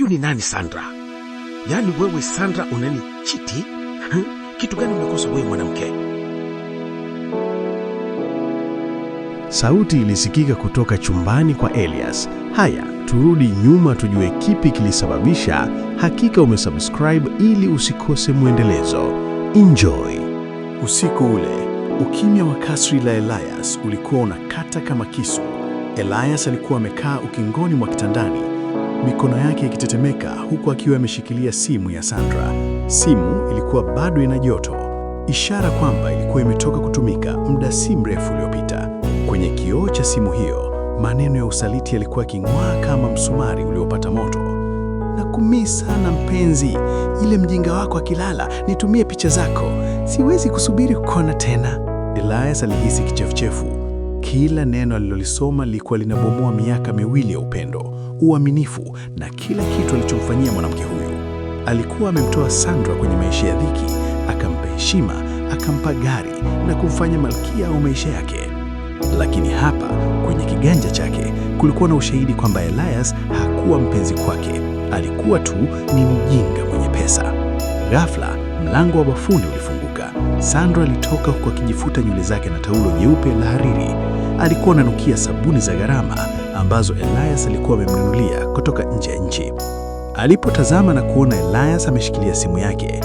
huyu ni nani Sandra? Yaani wewe Sandra chiti Kitu gani umekosa wewe mwanamke? Sauti ilisikika kutoka chumbani kwa Elias. Haya, turudi nyuma tujue kipi kilisababisha. Hakika umesubscribe ili usikose mwendelezo. Enjoy. Usiku ule, ukimya wa kasri la Elias ulikuwa unakata kama kisu. Elias alikuwa amekaa ukingoni mwa kitandani mikono yake ikitetemeka huku akiwa ameshikilia simu ya Sandra. Simu ilikuwa bado ina joto, ishara kwamba ilikuwa imetoka kutumika muda si mrefu uliopita. Kwenye kioo cha simu hiyo, maneno ya usaliti yalikuwa yaking'waa kama msumari uliopata moto. Nakumii sana mpenzi, ile mjinga wako akilala nitumie picha zako, siwezi kusubiri kukuona tena. Elias alihisi kichefuchefu kila neno alilolisoma lilikuwa linabomoa miaka miwili ya upendo, uaminifu na kila kitu alichomfanyia mwanamke huyu. Alikuwa amemtoa Sandra kwenye maisha ya dhiki, akampa heshima, akampa gari na kumfanya malkia au maisha yake. Lakini hapa kwenye kiganja chake kulikuwa na ushahidi kwamba Elias hakuwa mpenzi kwake, alikuwa tu ni mjinga mwenye pesa. Ghafla mlango wa bafuni ulifunguka. Sandra alitoka huku akijifuta nywele zake na taulo nyeupe la hariri alikuwa ananukia sabuni za gharama ambazo Elias alikuwa amemnunulia kutoka nje ya nchi. Alipotazama na kuona Elias ameshikilia simu yake,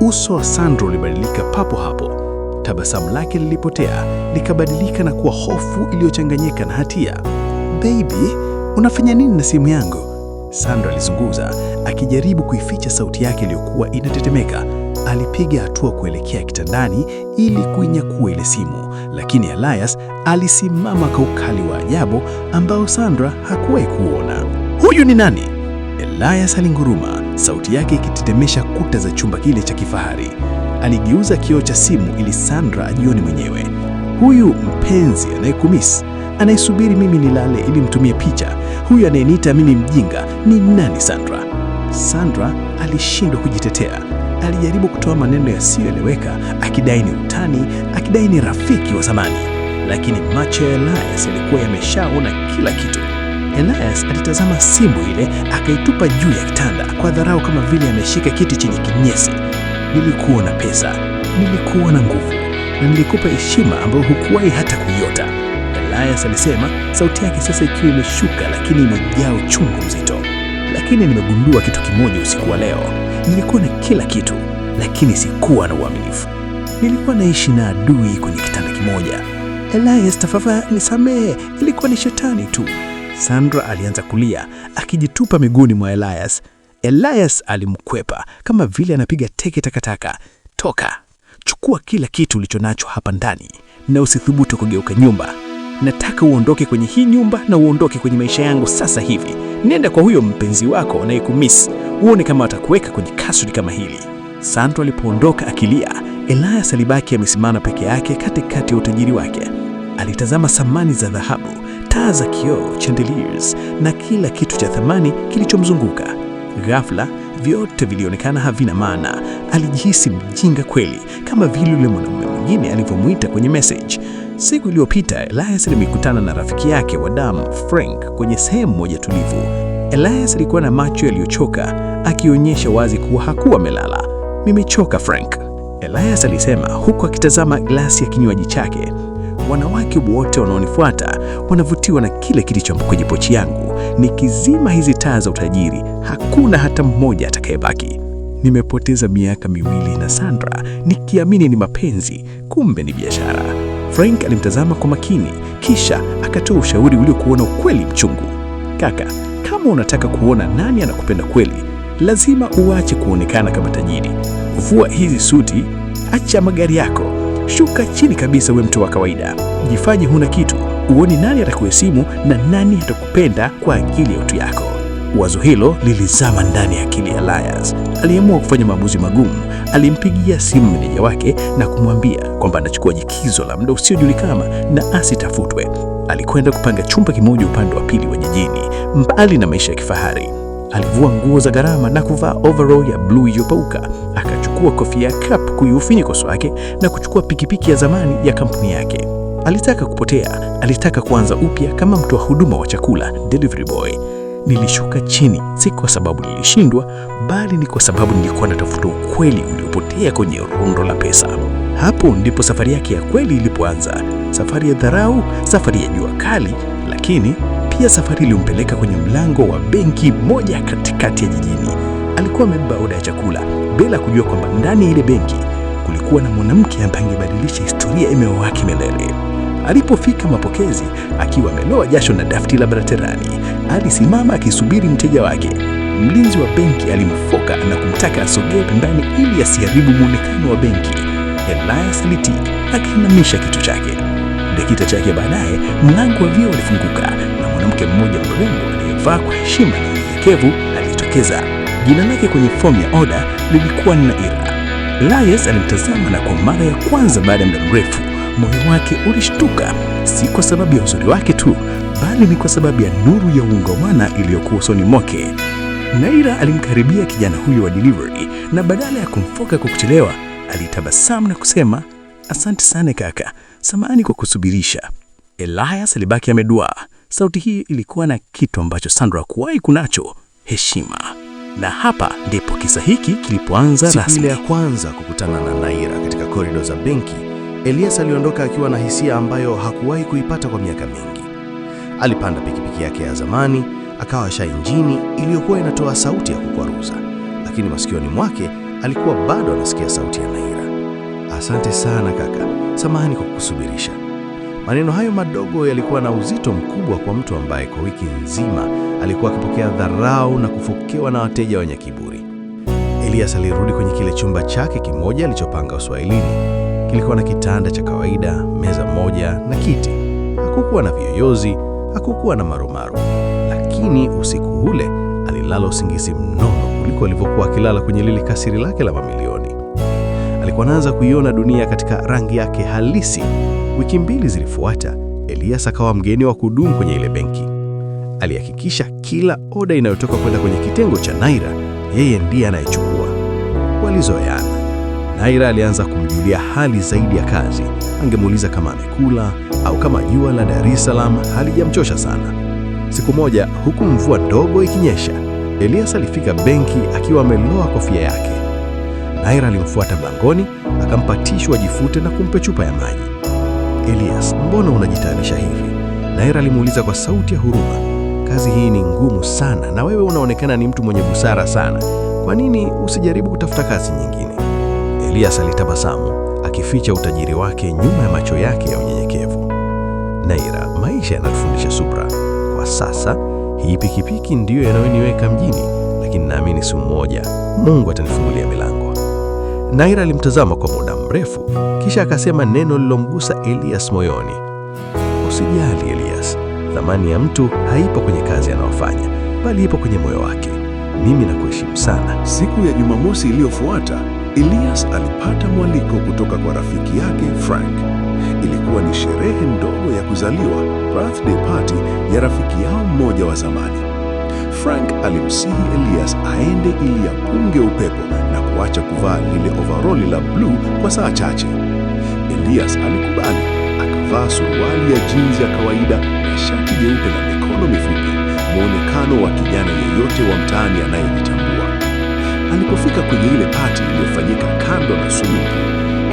uso wa Sandro ulibadilika papo hapo. Tabasamu lake lilipotea likabadilika na kuwa hofu iliyochanganyika na hatia. Baby, unafanya nini na simu yangu? Sandro alizunguza akijaribu kuificha sauti yake iliyokuwa inatetemeka alipiga hatua kuelekea kitandani ili kuinyakua ile simu, lakini Elias alisimama kwa ukali wa ajabu ambao Sandra hakuwahi kuona. Huyu ni nani? Elias alinguruma, sauti yake ikitetemesha kuta za chumba kile cha kifahari. Aligeuza kioo cha simu ili Sandra ajione mwenyewe. Huyu mpenzi anayekumis, anayesubiri mimi nilale ili mtumie picha, huyu anayeniita mimi mjinga, ni nani Sandra? Sandra alishindwa kujitetea alijaribu kutoa maneno yasiyoeleweka, akidai ni utani, akidai ni rafiki wa zamani, lakini macho ya Elias yalikuwa yameshaona kila kitu. Elias alitazama simu ile, akaitupa juu ya kitanda kwa dharau, kama vile ameshika kitu chenye kinyesi. Nilikuwa na pesa, nilikuwa na nguvu, na nilikupa heshima ambayo hukuwahi hata kuiota, Elias alisema, sauti yake sasa ikiwa imeshuka, lakini imejaa uchungu mzito. Lakini nimegundua kitu kimoja usiku wa leo Nilikuwa na kila kitu, lakini sikuwa na uaminifu. Nilikuwa naishi na adui kwenye kitanda kimoja. Elias, tafadhali nisamehe, ilikuwa ni shetani tu. Sandra alianza kulia akijitupa miguuni mwa Elias. Elias alimkwepa kama vile anapiga teke takataka. Toka, chukua kila kitu ulichonacho hapa ndani na usithubutu kugeuka nyumba nataka uondoke kwenye hii nyumba na uondoke kwenye maisha yangu sasa hivi. Nenda kwa huyo mpenzi wako anayekumiss, uone kama atakuweka kwenye kasri kama hili. Santo alipoondoka akilia, Elias alibaki amesimama peke yake katikati ya utajiri wake. Alitazama samani za dhahabu, taa za kioo, chandeliers na kila kitu cha thamani kilichomzunguka. Ghafla vyote vilionekana havina maana. Alijihisi mjinga kweli, kama vile yule mwanamume mwingine alivyomwita kwenye message. Siku iliyopita Elias alikutana na rafiki yake wa damu Frank kwenye sehemu moja tulivu. Elias alikuwa na macho yaliyochoka, akionyesha wazi kuwa hakuwa amelala. Nimechoka Frank, Elias alisema huku akitazama glasi ya kinywaji chake. Wanawake wote wanaonifuata wanavutiwa na kile kilicho kwenye pochi yangu. Nikizima hizi taa za utajiri, hakuna hata mmoja atakayebaki. Nimepoteza miaka miwili na Sandra nikiamini ni mapenzi, kumbe ni biashara. Frank alimtazama kwa makini, kisha akatoa ushauri uliokuona ukweli mchungu. Kaka, kama unataka kuona nani anakupenda kweli, lazima uache kuonekana kama tajiri. Vua hizi suti, acha magari yako, shuka chini kabisa, uwe mtu wa kawaida, jifanye huna kitu, uone nani atakuheshimu na nani atakupenda kwa ajili ya utu yako. Wazo hilo lilizama ndani ya akili ya lyas Aliamua kufanya maamuzi magumu. Alimpigia simu meneja wake na kumwambia kwamba anachukua jikizo la muda usiojulikana na asitafutwe. Alikwenda kupanga chumba kimoja upande wa pili wa jijini, mbali na maisha ya kifahari. Alivua nguo za gharama na kuvaa overall ya bluu iliyopauka. Akachukua kofia ya cap kuiufinya kwa wake na kuchukua pikipiki ya zamani ya kampuni yake. Alitaka kupotea, alitaka kuanza upya kama mtoa huduma wa chakula, delivery boy. Nilishuka chini, si kwa sababu nilishindwa, bali ni kwa sababu nilikuwa natafuta ukweli uliopotea kwenye rundo la pesa. Hapo ndipo safari yake ya kweli ilipoanza, safari ya dharau, safari ya jua kali, lakini pia safari iliyompeleka kwenye mlango wa benki moja katikati ya jijini. Alikuwa amebeba oda ya chakula bila kujua kwamba ndani ya ile benki kulikuwa na mwanamke ambaye angebadilisha historia ya mume wake milele. Alipofika mapokezi akiwa ameloa jasho na dafti la baraterani alisimama akisubiri mteja wake. Mlinzi wa benki alimfoka na kumtaka asogee pembani ili asiharibu muonekano wa benki. Elias Liti akiinamisha kichwa chake. Dakika chache baadaye, mlango wa vioo ulifunguka na mwanamke mmoja mrembo aliyevaa kwa heshima na unyenyekevu alijitokeza. Jina lake kwenye fomu ya oda lilikuwa Naira. Elias alimtazama na kwa mara ya kwanza baada ya muda mrefu moyo wake ulishtuka, si kwa sababu ya uzuri wake tu, bali ni kwa sababu ya nuru ya uungwana iliyokuwa usoni mwake. Naira alimkaribia kijana huyo wa delivery na badala ya kumfoka kwa kuchelewa, alitabasamu na kusema, asante sana kaka, samahani kwa kusubirisha. Elias alibaki ameduaa. Sauti hii ilikuwa na kitu ambacho Sandra hakuwahi kunacho, heshima. Na hapa ndipo kisa hiki kilipoanza rasmi. Siku ile ya kwanza kukutana na Naira katika korido za benki Elias aliondoka akiwa na hisia ambayo hakuwahi kuipata kwa miaka mingi. Alipanda pikipiki yake ya zamani, akawasha injini iliyokuwa inatoa sauti ya kukwaruza, lakini masikioni mwake alikuwa bado anasikia sauti ya Naira. Asante sana kaka, samahani kwa kukusubirisha. Maneno hayo madogo yalikuwa na uzito mkubwa kwa mtu ambaye kwa wiki nzima alikuwa akipokea dharau na kufokewa na wateja wenye kiburi. Elias alirudi kwenye kile chumba chake kimoja alichopanga Uswahilini. Kilikuwa na kitanda cha kawaida, meza moja na kiti. Hakukuwa na viyoyozi, hakukuwa na marumaru, lakini usiku ule alilala usingizi mnono kuliko alivyokuwa akilala kwenye lile kasiri lake la mamilioni. Alikuwa anaanza kuiona dunia katika rangi yake halisi. Wiki mbili zilifuata, Elias akawa mgeni wa kudumu kwenye ile benki. Alihakikisha kila oda inayotoka kwenda kwenye kitengo cha Naira, yeye ndiye anayechukua. Walizoeana. Naira alianza kumjulia hali zaidi ya kazi. Angemuuliza kama amekula au kama jua la Dar es Salaam halijamchosha sana. Siku moja, huku mvua ndogo ikinyesha, Elias alifika benki akiwa ameloa kofia yake. Naira alimfuata mlangoni, akampatishwa jifute ajifute na kumpe chupa ya maji. Elias, mbona unajitaabisha hivi? Naira alimuuliza kwa sauti ya huruma. Kazi hii ni ngumu sana na wewe unaonekana ni mtu mwenye busara sana. Kwa nini usijaribu kutafuta kazi nyingine? Elias alitabasamu akificha utajiri wake nyuma ya macho yake ya unyenyekevu. Naira, maisha yanatufundisha subra. Kwa sasa hii pikipiki ndiyo yanayoniweka mjini, lakini naamini siku moja Mungu atanifungulia milango. Naira alimtazama kwa muda mrefu, kisha akasema neno lilomgusa Elias moyoni: usijali Elias, thamani ya mtu haipo kwenye kazi anayofanya, bali ipo kwenye moyo wake. Mimi nakuheshimu sana. Siku ya Jumamosi iliyofuata Elias alipata mwaliko kutoka kwa rafiki yake Frank. Ilikuwa ni sherehe ndogo ya kuzaliwa, birthday party ya rafiki yao mmoja wa zamani. Frank alimsihi Elias aende ili apunge upepo na kuacha kuvaa lile overall la bluu kwa saa chache. Elias alikubali, akavaa suruali ya jeans ya kawaida na shati jeupe la mikono mifupi, muonekano wa kijana yeyote wa mtaani anayejitambua. Alipofika kwenye ile pati iliyofanyika kando na suluku,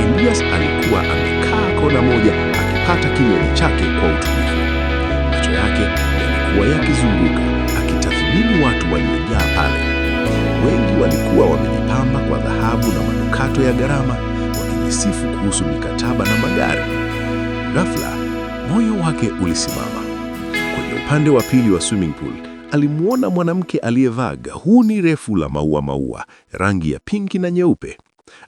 Elias alikuwa amekaa kona moja akipata kinywaji chake kwa utulivu. Macho yake yalikuwa yakizunguka akitathmini watu waliojaa pale. Wengi walikuwa wamejipamba kwa dhahabu na manukato ya gharama, wakijisifu kuhusu mikataba na magari. Ghafla moyo wake ulisimama. Kwenye upande wa pili wa swimming pool alimwona mwanamke aliyevaa gauni refu la maua maua, rangi ya pinki na nyeupe.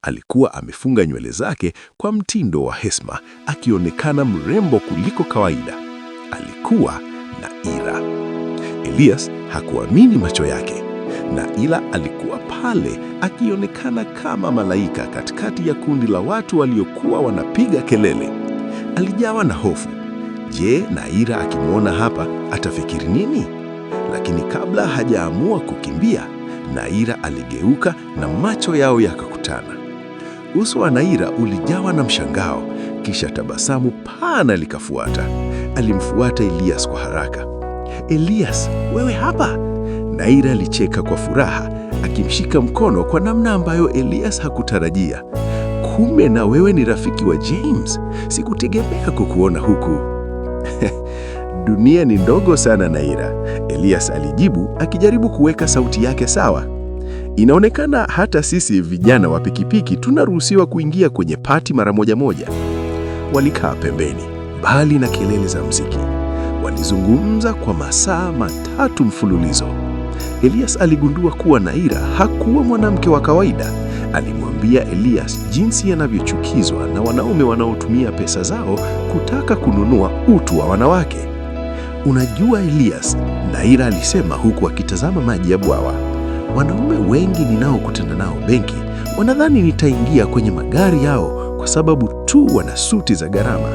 Alikuwa amefunga nywele zake kwa mtindo wa Hesma, akionekana mrembo kuliko kawaida. Alikuwa ira Elias hakuamini macho yake. ila alikuwa pale akionekana kama malaika katikati ya kundi la watu waliokuwa wanapiga kelele. Alijawa na hofu. Je, ira akimwona hapa atafikiri nini? Lakini kabla hajaamua kukimbia, Naira aligeuka na macho yao yakakutana. Uso wa Naira ulijawa na mshangao, kisha tabasamu pana likafuata. Alimfuata Elias kwa haraka. Elias, wewe hapa? Naira alicheka kwa furaha, akimshika mkono kwa namna ambayo Elias hakutarajia. Kumbe na wewe ni rafiki wa James, sikutegemea kukuona huku. dunia ni ndogo sana Naira, Elias alijibu akijaribu kuweka sauti yake sawa. Inaonekana hata sisi vijana wa pikipiki tunaruhusiwa kuingia kwenye pati mara moja moja. Walikaa pembeni, mbali na kelele za mziki. Walizungumza kwa masaa matatu mfululizo. Elias aligundua kuwa Naira hakuwa mwanamke wa kawaida. Alimwambia Elias jinsi yanavyochukizwa na wanaume wanaotumia pesa zao kutaka kununua utu wa wanawake. Unajua Elias, Naira alisema huku akitazama maji ya bwawa. Wanaume wengi ninaokutana nao benki wanadhani nitaingia kwenye magari yao kwa sababu tu wana suti za gharama.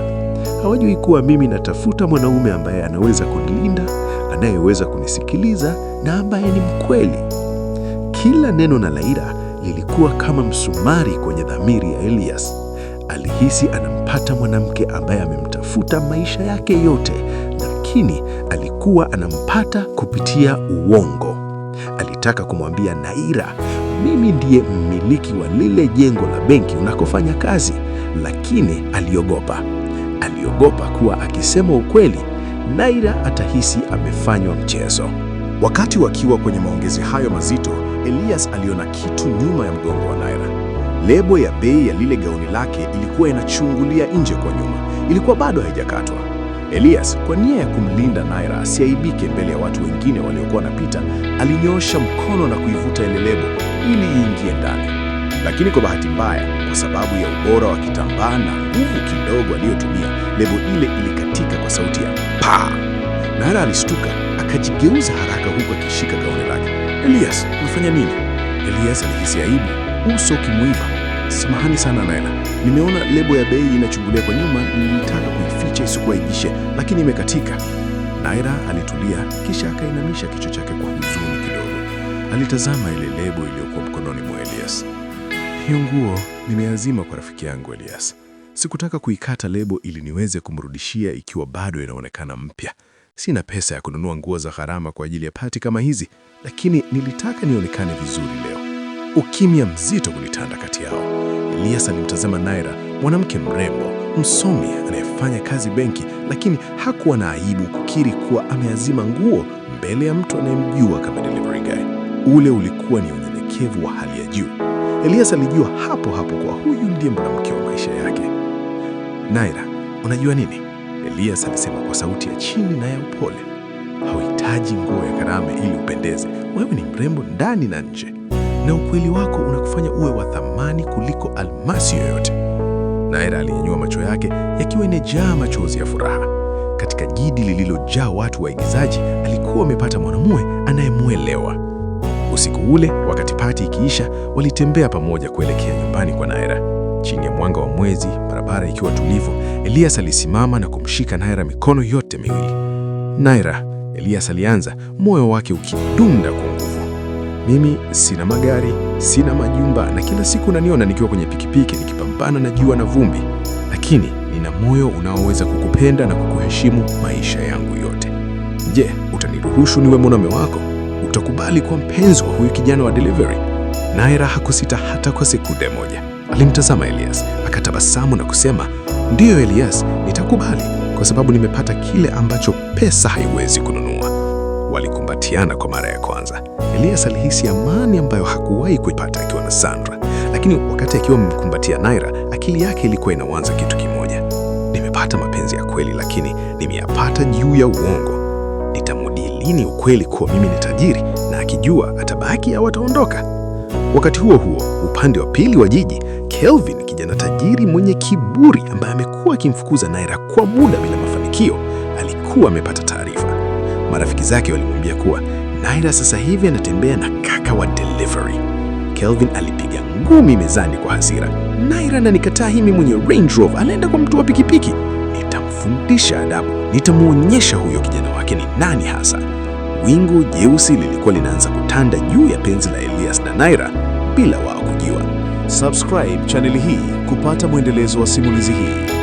Hawajui kuwa mimi natafuta mwanaume ambaye anaweza kunilinda, anayeweza kunisikiliza na ambaye ni mkweli. Kila neno na Laira lilikuwa kama msumari kwenye dhamiri ya Elias. Alihisi anampata mwanamke ambaye amemtafuta maisha yake yote lakini alikuwa anampata kupitia uongo. Alitaka kumwambia Naira, mimi ndiye mmiliki wa lile jengo la benki unakofanya kazi, lakini aliogopa. Aliogopa kuwa akisema ukweli, Naira atahisi amefanywa mchezo. Wakati wakiwa kwenye maongezi hayo mazito, Elias aliona kitu nyuma ya mgongo wa Naira. Lebo ya bei ya lile gauni lake ilikuwa inachungulia nje kwa nyuma, ilikuwa bado haijakatwa. Elias, kwa nia ya kumlinda Naira asiaibike mbele ya watu wengine waliokuwa wanapita, alinyoosha mkono na kuivuta ile lebo ili iingie ndani lakini kwa bahati mbaya, kwa sababu ya ubora wa kitambaa na nguvu kidogo aliyotumia, lebo ile ilikatika kwa sauti ya pa. Naira alistuka akajigeuza haraka, huku akishika gauni lake. Elias, unafanya nini? Elias alihisi aibu, uso ukimwiva. Samahani sana Naira, nimeona lebo ya bei inachungulia kwa nyuma, nilitaka sikuwa ibishe, lakini imekatika. Naira alitulia, kisha akainamisha kichwa chake kwa huzuni kidogo. Alitazama ile lebo iliyokuwa mkononi mwa Elias. Hiyo nguo nimeazima kwa rafiki yangu Elias. Sikutaka kuikata lebo ili niweze kumrudishia ikiwa bado inaonekana mpya. Sina pesa ya kununua nguo za gharama kwa ajili ya pati kama hizi, lakini nilitaka nionekane vizuri leo. Ukimya mzito kulitanda kati yao. Elias alimtazama Naira, mwanamke mrembo, msomi anayefanya kazi benki, lakini hakuwa na aibu kukiri kuwa ameazima nguo mbele ya mtu anayemjua kama delivery guy. Ule ulikuwa ni unyenyekevu wa hali ya juu. Elias alijua hapo hapo kwa huyu ndiye mwanamke wa maisha yake. Naira, unajua nini? Elias alisema kwa sauti ya chini na ya upole. Hauhitaji nguo ya gharama ili upendeze. Wewe ni mrembo ndani na nje na ukweli wako unakufanya uwe wa thamani kuliko almasi yoyote. Naira alinyanyua macho yake yakiwa imejaa machozi ya furaha. Katika jiji lililojaa watu waigizaji, alikuwa amepata mwanamume anayemwelewa. Usiku ule, wakati pati ikiisha, walitembea pamoja kuelekea nyumbani kwa Naira. Chini ya mwanga wa mwezi, barabara ikiwa tulivu, Elias alisimama na kumshika Naira mikono yote miwili. Naira, Elias alianza, moyo wake ukidunda kwa nguvu. Mimi sina magari, sina majumba, na kila siku naniona nikiwa kwenye pikipiki nikipambana na jua na vumbi, lakini nina moyo unaoweza kukupenda na kukuheshimu maisha yangu yote. Je, utaniruhusu niwe mwanaume wako? Utakubali kuwa mpenzi wa huyu kijana wa delivery? Naye Raha hakusita hata kwa sekunde moja. Alimtazama Elias akatabasamu na kusema, ndiyo Elias, nitakubali kwa sababu nimepata kile ambacho pesa haiwezi kununua. Walikumbatiana kwa mara ya kwanza. Elias alihisi amani ambayo hakuwahi kuipata akiwa na Sandra, lakini wakati akiwa amemkumbatia Naira, akili yake ilikuwa inawaza kitu kimoja: nimepata mapenzi ya kweli, lakini nimeyapata juu ya uongo. Nitamudi lini ukweli kuwa mimi ni tajiri, na akijua atabaki au ataondoka? Wakati huo huo, upande wa pili wa jiji, Kelvin, kijana tajiri mwenye kiburi ambaye amekuwa akimfukuza Naira kwa muda bila mafanikio, alikuwa amepata taarifa. Marafiki zake walimwambia kuwa Naira sasa hivi anatembea na kaka wa delivery. Kelvin alipiga ngumi mezani kwa hasira. Naira ananikataa himi mwenye Range Rover, anaenda kwa mtu wa pikipiki. Nitamfundisha adabu, nitamwonyesha huyo kijana wake ni nani hasa. Wingu jeusi lilikuwa linaanza kutanda juu ya penzi la Elias na Naira bila wao kujua. Subscribe chaneli hii kupata mwendelezo wa simulizi hii.